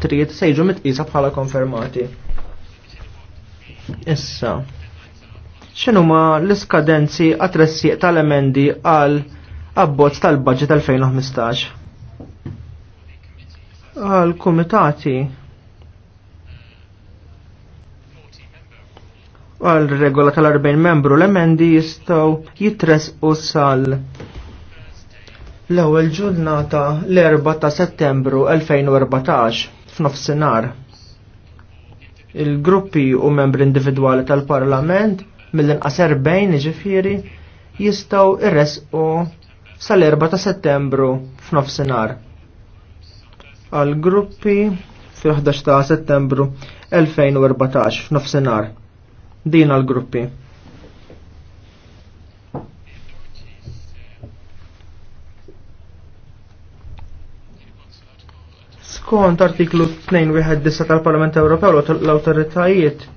trijiet se jiġu mitqisa bħala konfermati. Issa, x'inhuma l-iskadenzi għat-tressieq tal-emendi għal abbozz tal-budget 2015? Għal kumitati għal regola tal-40 membru l-emendi jistaw jitres u sal l-ewwel ġurnata l-4 ta' settembru 2014 f'nofsinhar. Il-gruppi u membri individwali tal-Parlament mill-inqas erbejn ġifieri jistgħu irresqu sal-4 ta' Settembru f'nofsinhar. Għal gruppi fi 11 ta' Settembru 2014 f'nofsinhar. Din għal gruppi. Kont artiklu 219 tal-Parlament Ewropew l-awtoritajiet